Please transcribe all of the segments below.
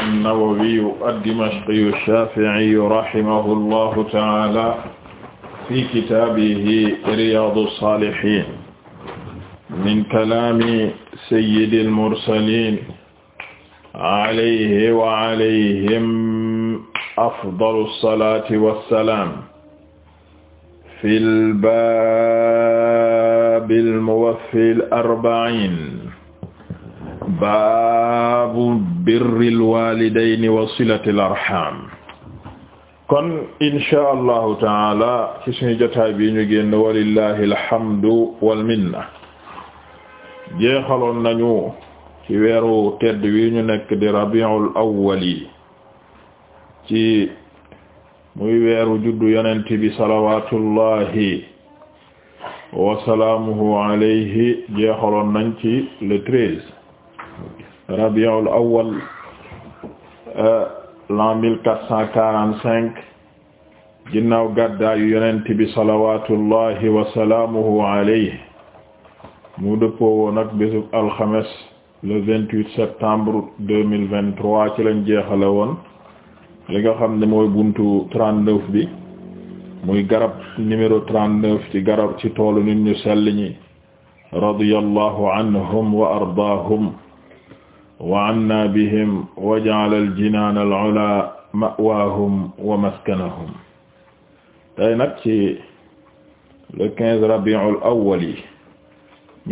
an-Nawawiyu ad-Dimashqiyu ash-Shafi'iyu rahimahu llahu ta'ala fi kitaabihi Riyaadu s-Saalihiin min kalaami sayyidi l-mursaliin alayhi wa alayhim afdalu s-salaati wa s-salaam fi l-baabi l-muwaffi l-arba'iin baabu birril waalidayni wa silatil arham kon insha allahu taala ci suñu jotaay bi ñu génn walillahi alhamdu wal minna jeexaloon nañu ci weeru tedd wi ñu nekk di rabiul awwal yi ci muy weeru juddu yonent bi salawatullahi wa salaamuhu alayhi jeexaloon nañ ci le treize rabiul awal euh, l'an mille quatre cent quarante cinq ginnaaw gàddaayu yonent bi salawatullahi wasalaamuhu alayhi mu dëppoo woon ak bésub alxames le vingt-huit septembre ci lañ jeexale woon li nga xam ne mooy buntu trente bi muy garab numéro trente-neuf ci garab ci toolu nit ñu sell ñi radiyallahu anhum wa ardaahum وعنا بهم واجعل الجنان العلى مأواهم ومسكنهم tey nag ci le 15 rabiul awwal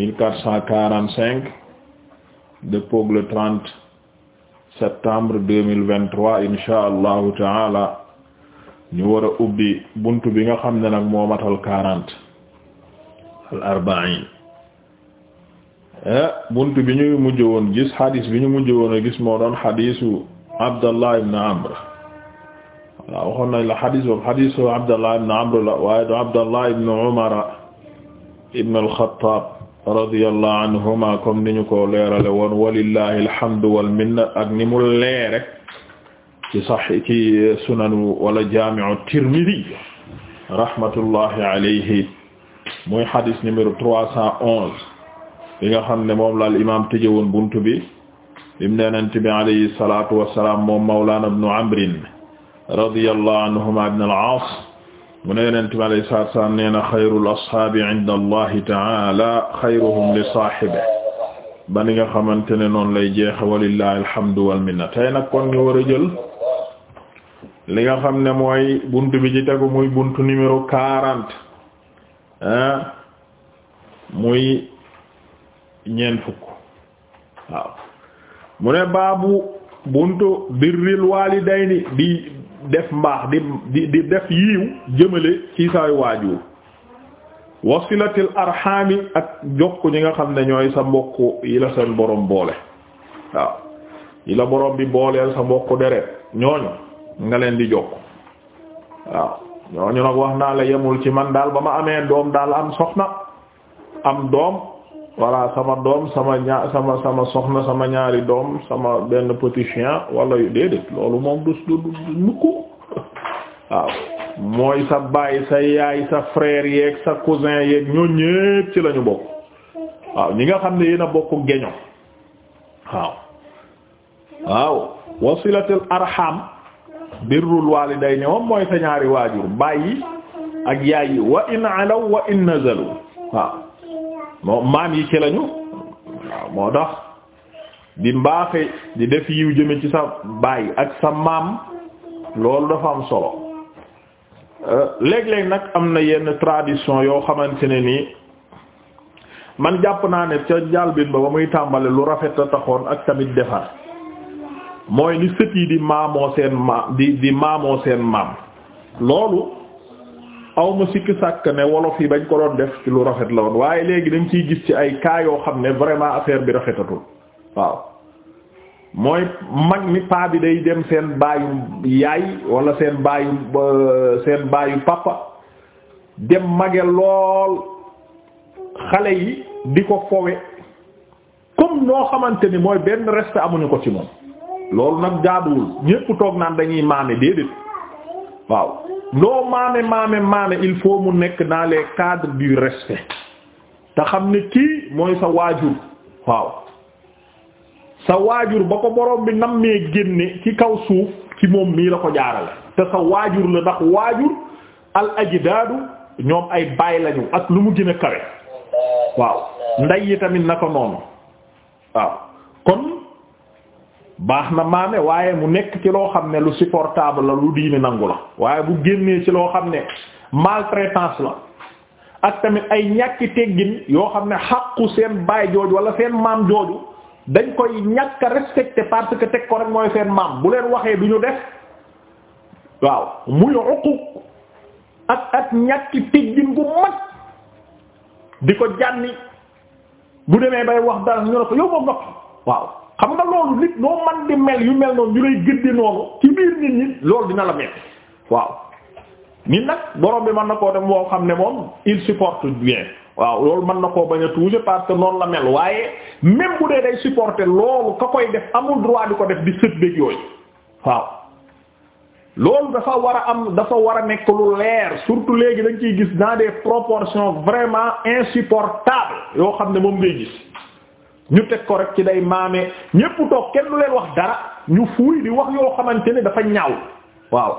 1445 dëppoog le 30 septembre 2023 inshaa allahu taala ñu war a ubbi bunt bi nga xam ne nag moo matal al arba'in Eh, bunt bi ñu mujj woon gis xadis bi ñu mujj woon a gis moo doon xadisu Abdallah ibn Amr voilà waxoon nañ la xadis boobu xadisu Abdallah ibn Amr la waaye du Abdallah ibn Umar ibn al-Khattab radiyallahu anhuma comme ni ñu ko leerale woon walillahi alhamdu wal minna ak ni mu leere ci sax ci sunanu wala jaami'u Tirmidhi rahmatullahi alayhi muy xadis numéro trois cent onze li nga xam ne moom la al imam tëjëwoon buntu bi lim neenant bi alayhi salatu wassalam moom mawlana ibn amr radiyallahu anhuma ibn al-aas mu ne yonent bi alayhi salatu wassalam nee na xayrul ashaabi inda allahi taala xayruhum li saahibihi ba ni nga xamante ne noonu lay jeexe walillahi alhamdu wal minna tey nag kon ñu war a jël li nga xam ne mooy bunt bi ci tegu muy buntu numéro quarante ah ñeent fukk waaw mu ne baabu buntu birril waalidayni di def mbaax di di di def yiiw jëmale ci say waajur wasilatil arxaami ak jokk ñi nga xam ne ñooy sa mbokk yi la seen borom boole waaw yi la borom bi booleel sa mbokk deret ñooñu nga leen di jokk waaw ñooñu nag wax naa la yemul ci man daal ba ma amee doom daal am soxna am doom voilà sama doom sama ñaar sama sama soxna sama ñaari doom sama benn petit chien wala yu déedéet loolu moom du du du mukku waaw mooy sa bàyyi sa yaay sa frère yeeg sa cousin yeeg ñoo ñépp ci lañu bokk waaw ñi nga xam ne yéen bokk geño waaw waaw wasilatul arham birrul waalidayni moom mooy sa ñaari waajur baay yi ak yaay yi wa in alaw wa in nazalu waaw moom maam yi ci lañu waaw moo tax di mbaaxe di def yiw jëme ci sa baay ak sa maam loolu dafa am solo euh, léeg-léeg nag am na yenn tradition yoo xamante ne nii man jàpp naa ne ca njàlbin ba ba muy tàmbale lu rafet la taxoon ak tamit defar mooy ni sët yi di maamoo seen maam di di maamoo seen maam loolu aw ma sikki sàkk ne wolof yi bañ ko doon def ci lu rafet la woon waaye léegi dañ ciy gis ci ay kaa yoo xam ne vraiment affaire bi rafetatul waaw mooy mag mi paa bi day dem seen baayu yaay walla seen baayu seen baayu papa dem mage lool xale yi di ko fowe comme noo xamante ni mooy benn respect amuñu ko ci moom loolu nag jaaduwul ñépp toog naan dañuy maame déedéet waaw loo maame maame maame il faut mu nekk naa les cadres du respect te xam ne kii mooy sa waajur waaw sa waajur ba ko borom bi nammee génne ci kaw suuf ci moom mii la ko jaarale te sa waajur la ndax waajur al ajdaadu ñoom ay baay lañu ak lu mu gën a kawe waaw nday yi tamit naka noonu waaw kon baax na maame waaye mu nekk ci loo xam ne lu supportable la lu diini nangu la waaye bu génnee ci loo xam ne maltraitance la ak tamit ay ñàkki teggin yoo xam ne xàqu seen baay jooju wala seen maam jooju dañ koy ñàkk a respecté parce que teg ko rek mooy seen maam bu leen waxee du ñu def waaw muy uquq ak ak ñàkki teggin gu mag di ko jànni bu demee bay wax dara ñu ne ko yow moom waaw xam nga loolu nit noo man di mel yu mel noonu ñu lay gëddi noonu ci biir nit ñi loolu dina la metti waaw nit nag borom bi mën na koo def moo xam ne moom il supporte bien waaw loolu mën na koo bañ a touché parce que noonu la mel waaye même bu dee day supporter loolu ka koy def amul droit di ko def di sët bëgg yooyu waaw loolu dafa war a am dafa war a nekk lu leer surtout léegi dañ ciy gis naa des proportions vraiment insupportables yoo xam ne moom ngay gis ñu teg ko rek ci day maame ñépp toog kenn du leen wax dara ñu fuuy di wax yoo xamante ne dafa ñaaw waaw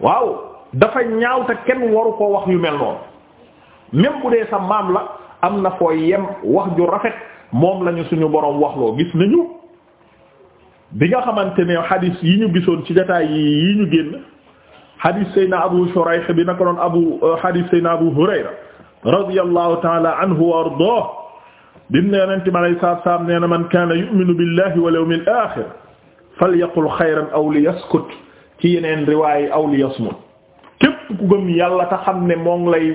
waaw dafa ñaaw te kenn waru koo wax yu mel noonu même bu dee sa maam la am na foo yem wax ju rafet moom lañu suñu boroom waxloo gis nañu bi nga xamante ne xadiis yi ñu gisoon ci jotaay yi ñu génn xadiis sayna abu shuraih bi na ko doon abu xadiis sayna abu hurayra radiyallahu ta'ala anhu wa ardaah bim ne yonente bi alayhi salaatu salaam nee na man kaana yu'minu billahi wal yawmil aaxir falyaqul xayran aw liyaskut ci yeneen riwaay aw liyasmut képp ku gëm yàlla ta xam ne moom ngi lay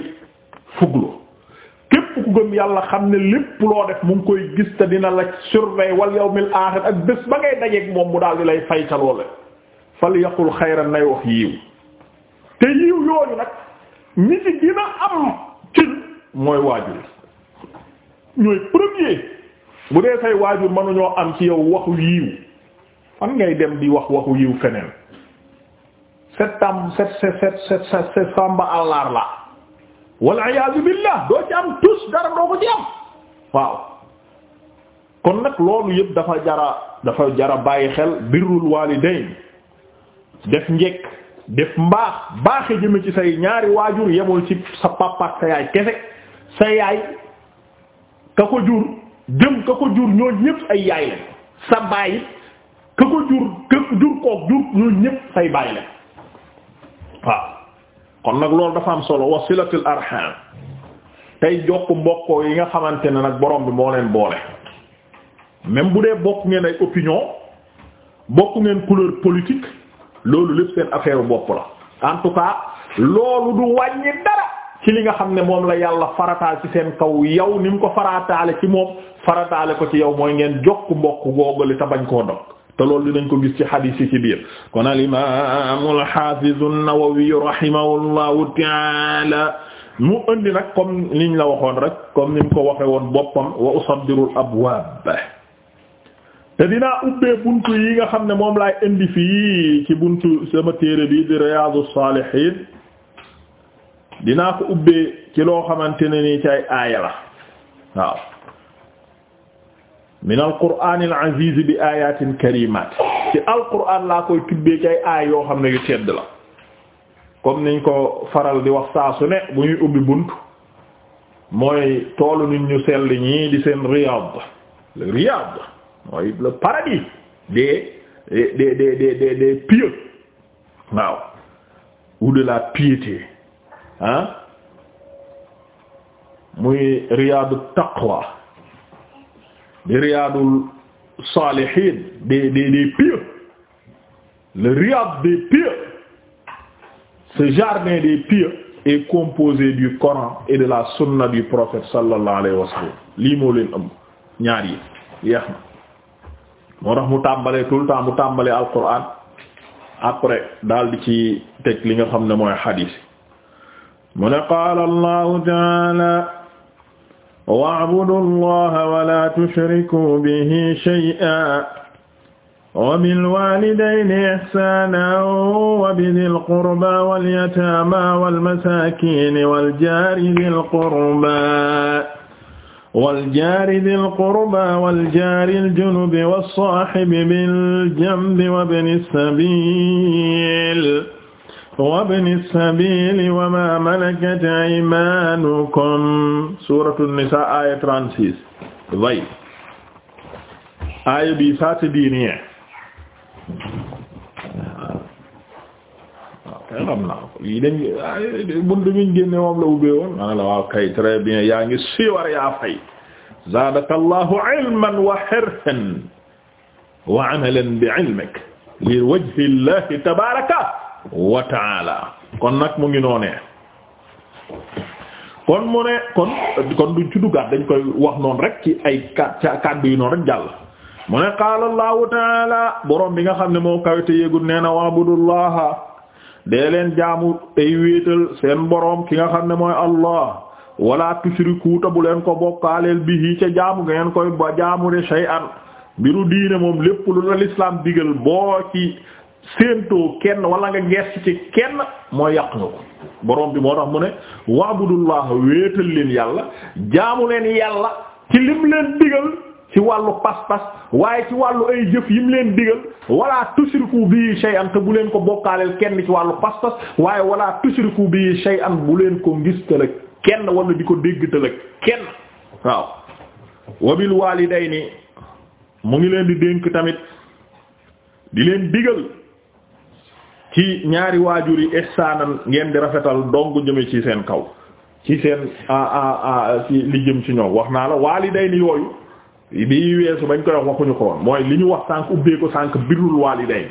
fuglu képp ku gëm yàlla xam ne lépp loo def mu ngi koy gis te dina la surveiller wal yawmil aaxir ak bés ba ngay dajeeg moom mu daal di lay fay ca loole falyaqul xayran nay wax yiiw te yiiw yooyu nag ñi ci dina am ci mooy waajur ñooy premier bu dee say waajur mënuñoo am ci yow waxu yiw fan ngay dem di wax waxu yiw keneen set tam set set set set set set la walla iyaazu billaah doo ci am tus dara doo ko ci am waaw kon nag loolu yëpp dafa jara dafa jara bàyyi xel birrul waalidayn def njekk def mbaax baaxe jëme ci say ñaari waajur yemul ci sa papa sa yaay kese sa yaay ka ko jur jëm ka ko jur ñoo ñëpp ay yaay la sa baay ka ko jur ka jur kook jur ñoo ñëpp say baay la waaw kon nag loolu dafa am solo wasilatul arham tey jokk mbokkoo yi nga xamante ne nag borom bi moo leen boole même bu dee bokk ngeen ay opinion bokku ngeen couleur politique loolu lépp seen affaire bopp la en loolu du wàññi dara ci li nga xam ne moom la yàlla farataal ci seen kaw yow ni mu ko farataale ci moom farataale ko ci yow mooy ngeen jokk mbokk googale te bañ koo dog te loolu dinañ ko gis ci xadiis yi ci biir kon al imaam al xaafiz an-Nawawi rahimahullahu ta'ala mu indi nag comme niñ la waxoon rek comme ko waxe woon boppam wa usaddirul abwaab te dinaa ubbee buntu yi nga xam ne moom laay indi fii ci buntu sama téere bi di Riyaadus Saalihiin dinaa ko ubbee ci loo xamante ne nii ci aaya la waaw min alqur'aan al-aziz bi ayatin karimat ci alqur'aan laa koy tibbee ci ay yoo xam ne yu tedd la comme niñ ko faral di wax saa su ne bu ñuy ubbi bunt mooy toolu nit ñu sell ñii di seen Riyad le mooy le paradis des des des des des des waaw ou de la ah muy riyaadu taqwa di riyaadul saalihiin des des des pieux le riad des pieux ce jardin des pieux est composé du Coran et de la sunna du prophète sallallahu alayhi wa sallam lii moo leen am ñaar yi yeex na moo tax mu tàmbalee tout le temps mu tàmbalee alquran après daal di ci teg li nga xam ne mooy hadith mu ne qaala allahu taala wa'budu allaha wala tushrikuu bihi shay'an wa bil walidayni ihsaanan wa bidil qurba wal yataama wal masaakiini wal jaari dil qurba wal jaari dil qurba wal jaaril junubi was saahibi bil janbi wa bni sabiil wabni sabili wa ma malakat aymanukum suratu nisa aya 36 way aya bi ça c'est bien kay xam naa ko lii dañ buntu miñ génne moom la ubbee woon maa la waaw kay très bien yaa ngi siiwar yaa fay zaadaka allahu ilman wa hirsan wa amalan bi ilmik li wajhi llahi tabaraka wa taala kon nag mu ngi noonee kon mu ne kon kon duñ ci duggaat dañ koy wax noon rek ci ay kàddu yu noonu rek jàll mu ne qaala allahu taala borom bi nga xam ne moo kawite yéegul nee na waabudullaha dee leen jaamu ay wéetal seen borom ki nga xam ne mooy allah wala tushriku ta bu leen ko bokkaaleel bi ca jaamu ngeen koy ba jaamu de shay'an mbiru diine moom lépp lu la lislaam digal boo ci séentoo kenn walla nga gerte ci kenn mooy yàq nga ko borom bi moo tax mu ne waabudullaha wéetal leen yàlla jaamu leen yàlla ci lim leen digal ci wàllu pas-pas waaye ci wàllu ay jëf yim leen digal wala tushriku bi shay'an te bu leen ko bokkaaleel kenn ci wàllu pas-pas waaye wala tushriku bi shay'an bu leen ko ngis tala kenn wala di ko dégg tala kenn waaw wabil walidayni mu ngi leen di dénk tamit di leen digal ci ñaari waajur yi ihsaanan ngeen di rafetal dong jëme ci seen kaw ci seen a ci jëm ci ñoom wax naa la waalidayni yooyu bi weesu bañ koy waxuñu ko woon mooy li ñu wax sànq ubbee ko sànq birrul waalidayn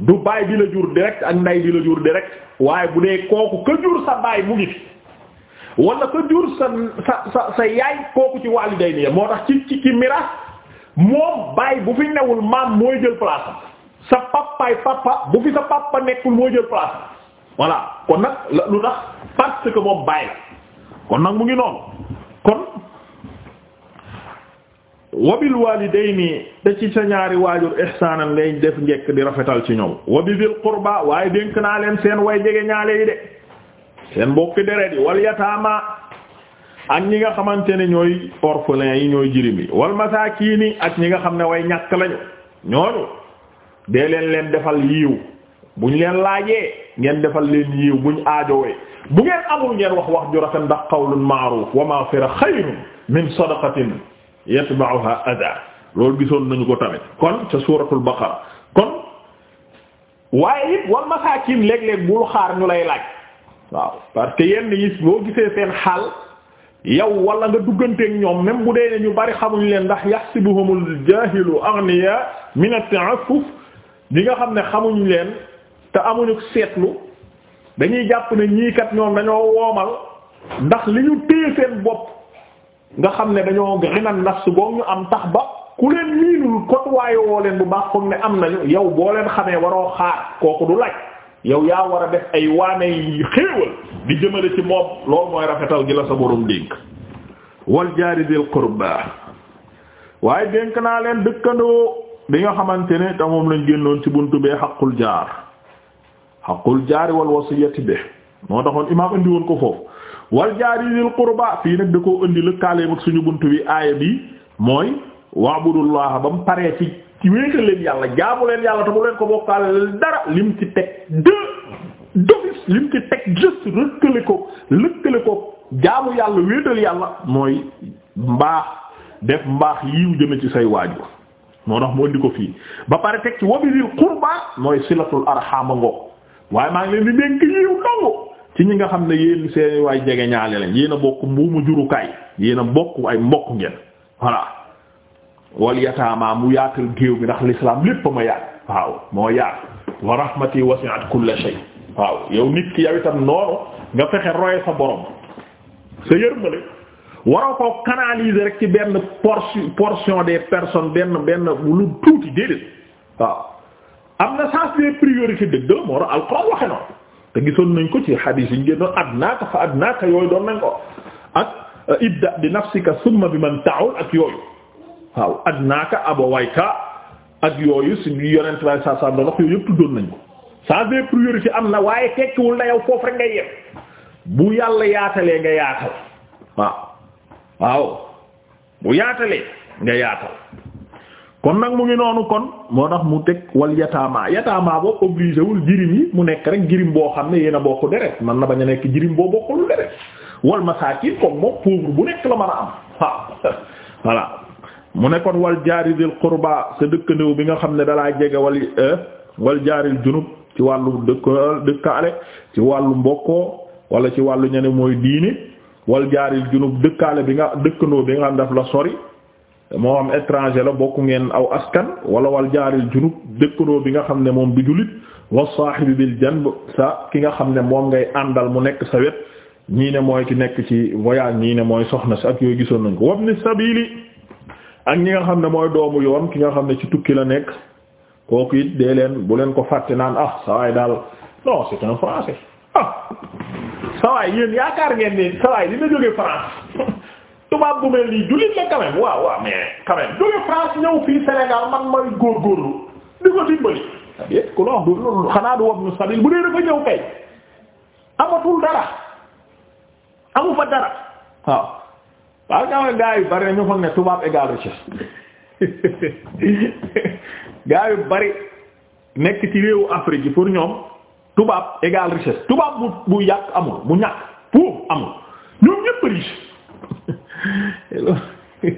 du baay di la jur direct ak nday di la jur direct waaye bu dee kooku ka jur sa baay mu ngi fi wala ka sa sa sa sa yaay kooku ci waalidayn moo tax ci ci ci miraas moom baay bu fi newul maam mooy jël place sa papaay papa bu sa papa nekkul moo jël place voilà kon nag lu tax parce que moom bàyyi la kon nag mu ngi noonu kon wabil walidayni da ci sa ñaari waajur ihsaanan lay def njekk di rafetal ci ñoom wabi bil qurba waaye dénk naa leen seen way jege ñaale yi de seen mbokki deret yi wal yataama ak ñi nga xamante ne ñooy orphelins yi ñooy jirim yi wal masaakiini ak ñi nga xam ne way ñàkk lañu ñooñu dee leen leen defal bu ñu leen laajee ngeen defal leen yiiw buñ aajowee bu ngeen amul ngeen wax wax ju rafet ndax qawlun ma'ruf wa maghfira xayrun min sadaqatin yatba'uha adha loolu gisoon nañu ko tamit kon ca suuratul baqara kon waaye it wal masaakin léeg-léeg bul xaar ñu lay laaj waaw parce que yenn yi boo gisee seen xaal yow wala nga dugganteeg ñoom même bu dee ne ñu bari xamuñ leen ndax yahsibuhumul jaahilu aghniya min at-ta'affuf li nga xam ne xamuñu leen te amuñu seetlu dañuy jàpp ne ñii kat ñoom dañoo woomal ndax li ñu téye seen bopp nga xam ne dañoo rinan nafs goog ñu am tax ba ku leen miinul kotuwaayo leen bu baax foog ne am nañu yow boo leen xamee waroo xaar kooku du laaj yow yaa war a def ay waane yi xéewal di jëmale ci moom loolu mooy rafetal gi la sa borom dénk wal jaari dil qurba waaye dénk naa leen dëkkandoo bi nga xamante ne te moom lañ génnoon ci buntu bee xaqul jaar xaqul jaari wal wasiyati be moo taxoon imaam indi woon ko foofu wal jaari dil qurba fii nag da koo indi lëkkaaleem ak suñu bunt bi aaya bi mooy waabudullaha ba mu paree ci ci yàlla jaamu leen yàlla te leen ko bokkaale leen dara lim ci teg dë dofis lim ci teg juste lëkkale ko lëkkale ko jaamu yàlla wéetal yàlla mooy mbaax def mbaax yiw jëme ci say waajur moo ndax mu indi ko fii ba pare teg ci wabilil qurba mooy silatul arhama waaye maa ngi leen di dénk yiw ndongo ci ñi nga xam ne yéen seeni waay jege ñaale lañ yéen a bokk mbuumu jurukaay yéen a bokk ay mbokk ngeen voilà wal yataamaa mu yaatal géew bi ndax l'islam lépp ma yaat waaw moo yaat wa rahmati wasi'at kulla shay waaw yow nit ki yow noonu nga fexe roye sa borom sa yërmale waroo koo canaliser rek ci benn portion des personnes benn benn lu tuuti déedéet waaw am na sens des priorités dëgg la moo tax alxuraan waxe noonu te gisoon nañ ko ci xadiis yi ñu génnoon adnaaka fa adnaaka yooyu doon nañ ko ak uh, ibda bi nafsika summa bi man ta'ul ak yooyu waaw adnaaka abawayka ak yooyu si yonent bi saa saa doon wax yooyu yëpp tuddoon nañ ko sens des priorités am na waaye tekkiwul na yow foofu rek ngay yem bu yàlla yaatalee nga yaatal waaw bu yaatalee nga yaatal kon nag mu ngi noonu kon moo tax mu teg wal yataama yataama boobu obligé wul jirim yi mu nekk rek jirim boo xam ne yéen a bokk deret man na ba ñu nekk jirim boo bokkul deret wal masaakin comme moom pauvre bu nekk la mën a am waaw mu ne kon wal jaari dil qurba sa dëkkandoo bi nga xam ne dalaa jege wal eh, wal jaaril junub ci wàllu dëkk dëkkaale ci wàllu mbokkoo wala ci wàllu ñene mooy diini wal jaaril junub dëkkaale bi nga dëkkandoo bi nga xam daf la sori moo am étranger la bokk ngeen aw askan wala wal jaaril junub dëkkandoo bi nga xam ne moom du jullit wa saahibi bil janb sa ki nga xam ne moom ngay àndal mu nekk sa wet ñii ne mooy ki nekk ci voyage ñii ne mooy soxna si ak yooyu gisoon nañ ko wabni sabili ak ñi nga xam ne mooy doomu yoon ki nga xam ne ci tukki la nekk kooku it dee leen bu leen ko fàtte naan ah saa waay daal non sawaay yéen yaakaar ngeen ni sawaay dina jóge France tubaab bu mel nii jullit la quand même waaw waaw mais France ñëw fii Sénégal man mooy góorgóorlu di ko dimbali yépp ku la wax du loolu xanaa du wax nu sabil bu dee dafa ñëw kay amatul dara amu fa dara waaw waaw nga xam gaa yu bari ñu foog ne tubaab égal richesse gaa bari nekk ci réewu Afrique yi pour ñoom tubaab égal richesse tubaab bu bu yàq amul bu ñàkk pauvre amul ñoom ñépp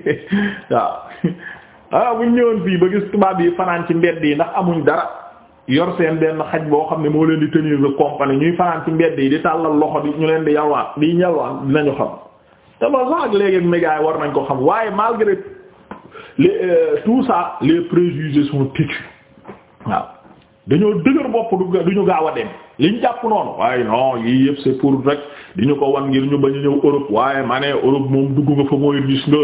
ah ba gis tubaab yi fanaan ci mbedd yi ndax amuñ dara yor seen benn xaj boo xam ne moo leen di tenir le compagnie ñuy fanaan ci mbedd yi di tàllal loxo di ñu leen di yalwaan di ñalwaan dinañu xam te loolu sax ak léegi ak war nañ ko xam waaye malgré les euh, tout ça les préjugés sont waaw. dañoo dëgër bopp du du ñu gaaw a dem liñ jàpp noonu waaye non yii yëpp c'est pour rek di ñu ko wan ngir ñu bañ a ñëw Europe waaye ma ne Europe moom dugg nga fa mooy gis nga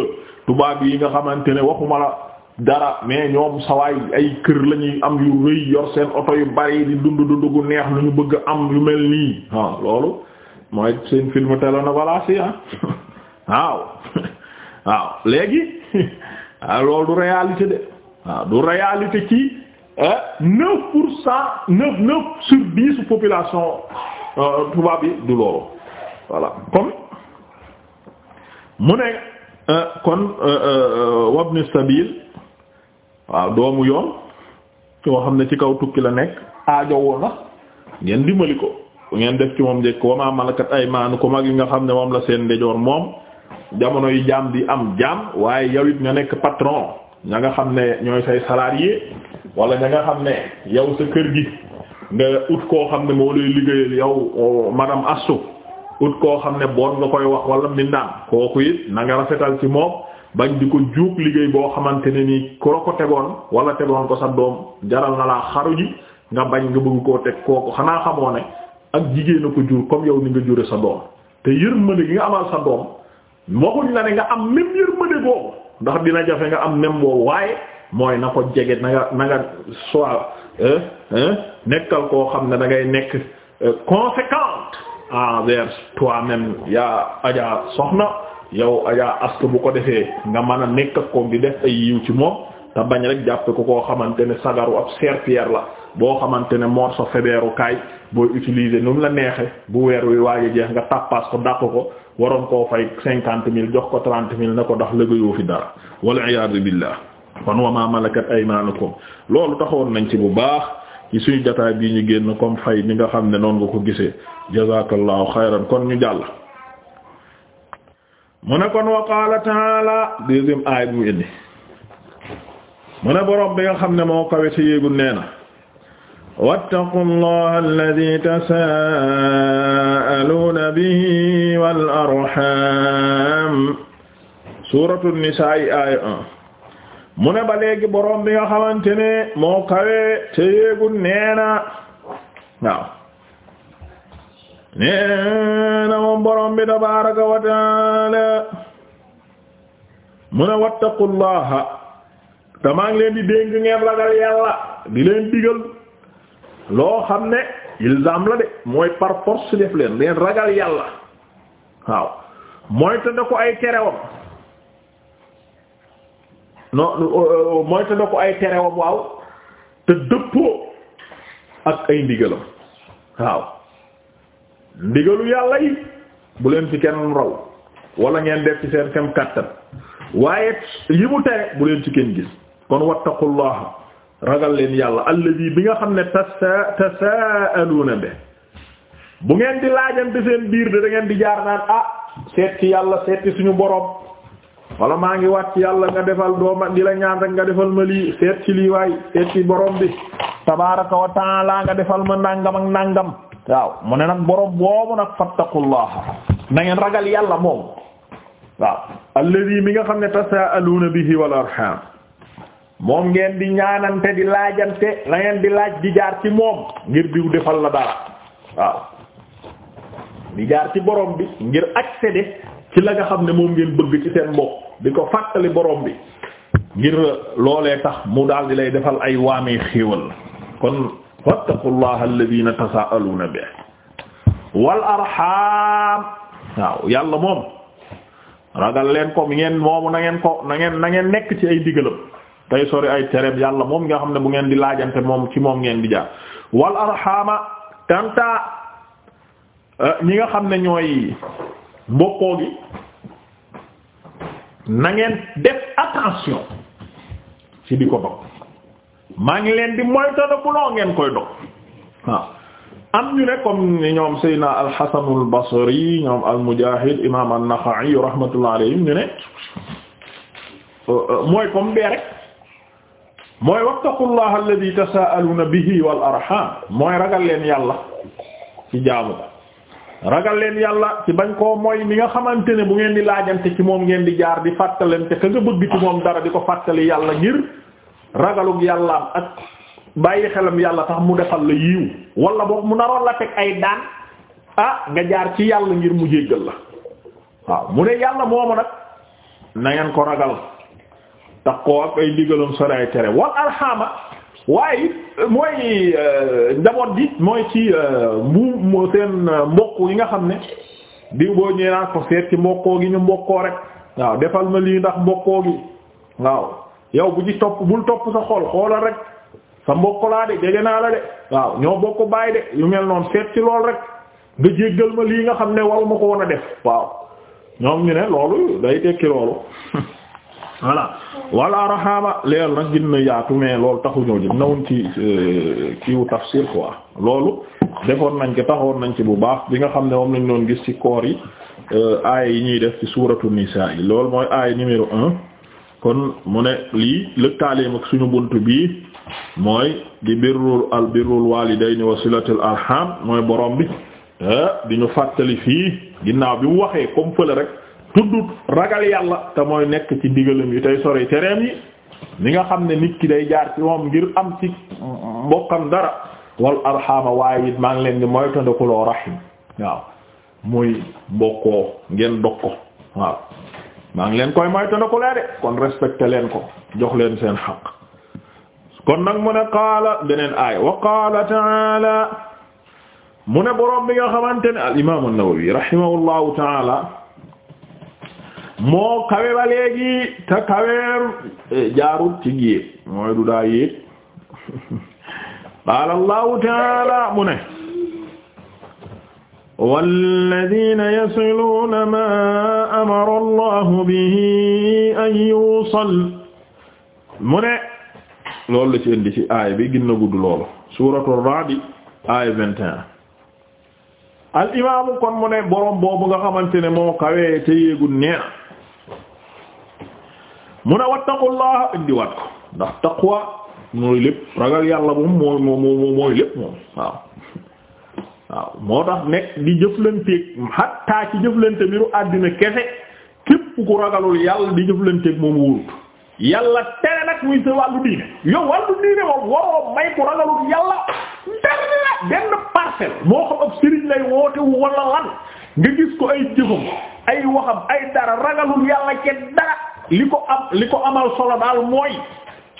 tubaab yi nga xamante ne waxuma la dara mais ñoom sawaay ay kër lañuy am yu rëy yor seen oto yu bari di dund dund gu neex lu ñu bëgg am yu mel nii waaw ah, loolu mooy seen film télénovela si ah waaw waaw léegi ah loolu du réalité de waaw ah, du réalité ci neuf pour cent neuf neuf sur dix population euh, tubaab bi du loolu voilà kon mu ne euh, kon euh, wabni sabil waaw doomu yoon yoo xam ne ci kaw tukki la nekk aajo woon na ngeen dimbali ko ngeen def ci moom jekk njëkk wa ay malakat aymaanukum ak yi nga xam ne moom la seen ndejoor moom jamono yi jaam di am jaam waaye yow it nga nekk patron ña nga xam ne ñooy say salarié wala ña nga xam ne yow sa kër gi nga ut koo xam ne moo lay liggéeyal yow oh, madame Astou ut koo xam ne bon nga koy wax walla mi naan kooku it na nga rafetal ci moom bañ di ko juug liggéey boo xamante ne nii ku la ko tegoon wala tegoon ko sa doom jaral na laa xaru ji nga bañ nga bëgg koo teg kooku xanaa xamoo ne ak jigéen ko jur comme yow ni nga jure sa doom te yërmande gi nga amal sa doom waxuñ la ne nga am même yërmande boobu ndax dina jafe nga am même boobu waaye mooy na ko jege na nga na nga soit nekkal koo xam ne da ngay nekk euh, conséquente envers toi-même yaa ajaa soxna yow ajaa ask bu ko defee nga mën a nekk ak koom di def ay yiw ci moom te bañ rek jàppe ko koo xamante ne sagaru ab serpillère la boo xamante ne morceau febeerukaay booy utiliser nu mu la neexe bu weer wi waaye jeex nga tappaas ko dàq ko waroon koo fay cinquante mille jox ko trente mille ne ko ndax liggéeyoo fi dara wal iyaadu billah kon wa ma malakat aymanukum loolu taxawoon nañ ci bu baax ci suñu jotaay bii ñu génn comme fay ni nga xam ne noonu nga ko gisee jazakallahu xayran kon ñu jàll mu ne kon wa qaala taala deuxième aay bu mu indi mu ne boroom bi nga xam ne moo kawe ci yéegul nee na wattaqu allaha alladi tasaaluuna bihi wal arham suratu nisaa aaya 1 mu ne ba léegi borom bi nga xamante ne moo kawe te yéegul nee na waaw nee na moom borom bi tabaaraka wa taala mu ne wattaqullaha damaa ngi leen di dénk ngeen ragal yàlla di leen digal loo xam ne ilzam la de mooy par force def leen leen ragal yàlla waaw mooy te ko ay terewam non euh, euh, mooy te ko ay terewam waaw te dëppoo ak ay ndigalam waaw ndigalu yàlla yi bu leen ci kenn raw wala ngeen def ci seen kem kàttan waaye yi mu tere bu leen ci kenn gis kon wattaqullaha ragal leen yàlla allazi bi nga xam ne tasa tasaaluuna be bu ngeen di laajante seen biir de da ngeen di jaar naan ah seet ci yàlla seet ci suñu borom wala maa ngi waat ci yàlla nga defal dooma di la ñaan rek nga defal ma lii seet ci lii waay seet ci borom bi tabaraka wa nga defal ma nangam ak nangam waaw mu ne nag borom boobu nag fattaqullaha na ngeen ragal yàlla moom waaw alladhi mi nga xam ne tasaaluna bihi wal arham moom ngeen di ñaanante di laajante la di laaj di jaar ci moom ngir diw defal la dara waaw di jaar ci borom bi ngir accéder ci la nga xam ne moom ngeen bëgg ci seen bopp di ko fàttali borom bi ngir loolee tax mu daal di lay defal ay waamee xéewal kon wattaqullaha alladhina tasaaluna bi wal arham waaw yàlla moom ragal leen ko ngeen moomu na ngeen ko na ngeen na ngeen nekk ci ay digalam tey sori ay tereem yàlla moom nga xam ne bu ngeen di laajante moom ci moom ngeen di jaar wal arhama tanta eh, ñi nga xam ne ñooy mbokkoo gi nangeen ngeen def attention ci di ko dog maa ngi leen di moytana bu loo ngeen koy dog waaw am ñu ne comme ñoom Seydina al-Hasanul Basri ñoom al-Mujahid imam an-Naxa'i rahmatullah alayhim ñu ne euh, euh, mooy comme bee rek mooy wattaqullaha alladhi tasaaluna bihi wal arham mooy ragal leen yàlla ci jaamu ragal leen yàlla ci bañ koo mooy mi nga xamante ne bu ngeen di laajante ci moom ngeen di jaar di fàttalante ka nga bëgg ci moom dara di ko fàttali yàlla ngir ragalug yàllaam ak bàyyi xelam yàlla tax mu defal la yiiw wala boo mu naroon la teg ay daan ah nga jaar ci yàlla ngir mu jéggal la waaw mu ne yàlla moomu nag na ko ragal tax koo ak ay digalum sore tere wal alxaama waaye it mooy euh, njaboot gi mooy ci euh, mu seen euh, mbokk yi nga xam ne diw boo ñëwee naa ko seet ci mbokkoo gi ñu mbokkoo rek waaw defal ma lii ndax mbokkoo gi waaw yow bu ci topp bul topp sa xol xoolal rek sa mbokk laa de jege naa la de waaw ñoo bokk bàyyi de yu mel noonu seet ci lool rek nga jéggal ma lii nga xam ne waru ma ko wan a def waaw ñoom ñu ne loolu day tekki loolu voilà wal arhama leer nag gën na yaatu mais loolu taxu ñoo jëm nawum ci euh, kiiwu tafsir quoi loolu defoon nañ ko taxoon nañ ci bu baax bi nga xam ne moom lañ doon gis ci koor yi euh, aaya yi ñuy def ci suuratu nisaa yi lool mooy aaya numéro un kon mu ne lii lëkkaaleem ak suñu bunt bii mooy di birrul al birrul walidayni wasilatul arham mooy borom bi euh, di ñu fàttali fii ginnaaw bi mu waxee comme fële rek tuddut ragal yàlla te mooy nekk ci digalam yi tey sori tereem yi li nga xam ne nit ki day jaar ci moom ngir am ci mbokkam dara wal arxama waaye it maa ngi leen di moytandikuloo rahim waaw muy mbokkoo ngeen dog waaw maa ngi leen koy moytandikulee de kon respecté leen ko jox leen seen xaq kon nag mu ne qaala beneen aaya wa qaala taala mu ne boroom bi nga xamante ne al imam an-Nawawi rahimahullahu taala moo kawe ba léegi te kaweer jaarut ci géeb mooy du daa yéeg qaala allahu taala mu ne walladina yasiluuna ma amara allahu bihi an yuusal mu ne loolu la ci indi ci bi gën na gudd loolu suuratu raadi aay vingt al imaamu kon mu ne borom boobu nga xamante ne moo kawee te yéegul mu ne wattaqullaha indiwaat ko ndax taqwa mooy lépp ragal yàlla moom mooy mooy mooy lépp moom waaw waaw moo tax nekk di jëflanteeg xattaa ci jëflante mbiru àddina kese képp ku ragalul yàlla di jëflanteeg moom wóorut yàlla tere nag muy sa wàllu diine yow wàllu diine moom waroo may ku ragalul yàlla dara benn moo xam ab sëriñ lay woote wala lan nga gis ko ay jëfam ay waxam ay dara ragalul yàlla ci dara li ko am li ko amal solo daal mooy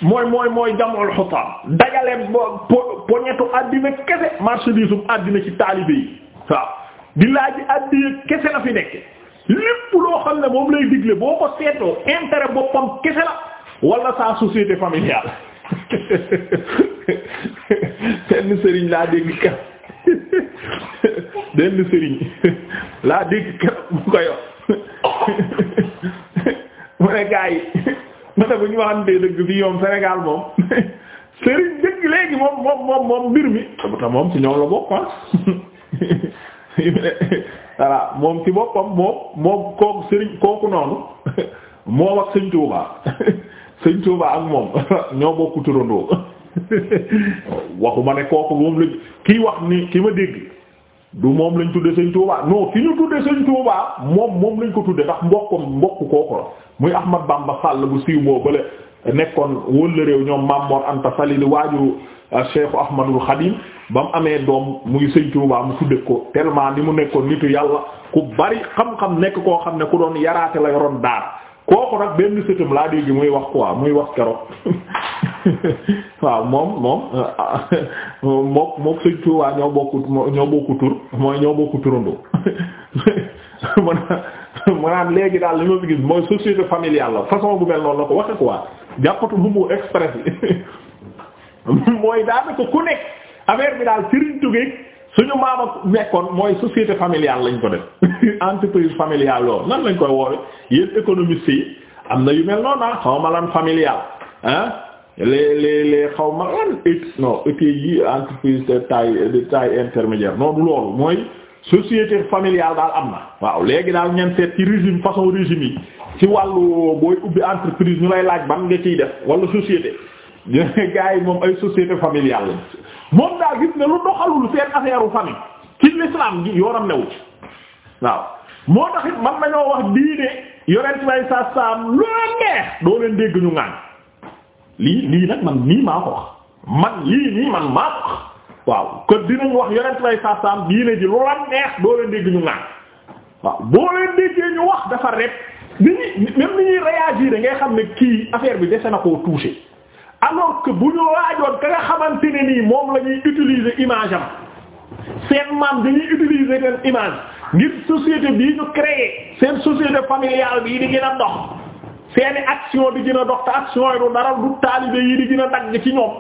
mooy mooy mooy jamul xutaam dajale po poñetu àddina kese marchandise um àddina ci taalibe yi waaw di laaj ji àddina kese la fi nekk lépp loo xam ne moom lay digle boo ko seetoo intérêt boppam kese la wala sa société familiale benn sëriñ laa dégg ka benn sëriñ laa dégg keroog mu koy wax mu ne gaa ma ne bu ñu waxantee dëgg fii yoom Sénégal moom sëriñ dëgg léegi mi te moom ci ñoom la bokk ah voilà moom ci boppam moom moom kooku sëriñ kooku noonu moom ak sëñ Touba sëñ Touba ne kooku moom la kii wax ni ki ma dégg du moom lañ tudde sëñ Tuubaa non ki ñu tudde sëñ Tuubaa moom moom lañ ko tudde ndax mbokkum mbokk kooku la muy Ahmad Bamba Sall bu siiw boo bële nekkoon wëlla réew ñoom Mamor Anta Sali di waajuru euh, Cheikh Ahmadul Xadim ba mu amee doom muy sëñ Tuubaa mu tudde ko tellement ni mu nekkoon nitu yàlla ku bari xam-xam nekk koo xam ne ku doon yaraate la yoroon daar kooku nag benn sëtam laa dégg muy wax ko waa muy wax keroog waaw moom moom euh, mook mook sëñ Tuubaa ñoo léegi daal li ma fi gis mooy bi daal sëriñ tugeeg suñu maama lañ ko def entreprise familiale loolu nan lañ koy woowe yéen économiste yi am na yu mel noonu ah xaw ma familial ah les les les xaw ma lan it non ETI yi entreprise de taille de taille intermédiaire loolu mooy société familiale daal am na waaw léegi daal ñeen seet ci régime façon régime yi ci wàllu booy ubbi entreprise ñu lay laaj ban nga ciy def wala société gars yi moom ay société familiale lañ moom daal gis ne lu doxalul seen affaire u famille ci l'islam gi yoonam newu waaw moo tax it nañoo wax diine yorent bay sa saam lu neex doo leen dégg ñu ngaan lii lii nag man nii maa ko wax man lii nii man maa ko wax waaw kon dinañ wax yonent lay saasaam diine ji lu la neex doo leen dégg ñu naan waaw boo leen déggee ñu wax dafa rep ni ñuy même ni ñuy réagir ngay xam ne kii affaire bi dese na ko touché alors que bu ñu laajoon ka nga xamante ne nii moom la ñuy utiliser image am seen maam dañuy utiliser seen image ngir société bii ñu créer seen société familiale bii di gën a dox. seeni action di gën a dox te action yi du dara du taalibe yi di gën dagg ci ñoom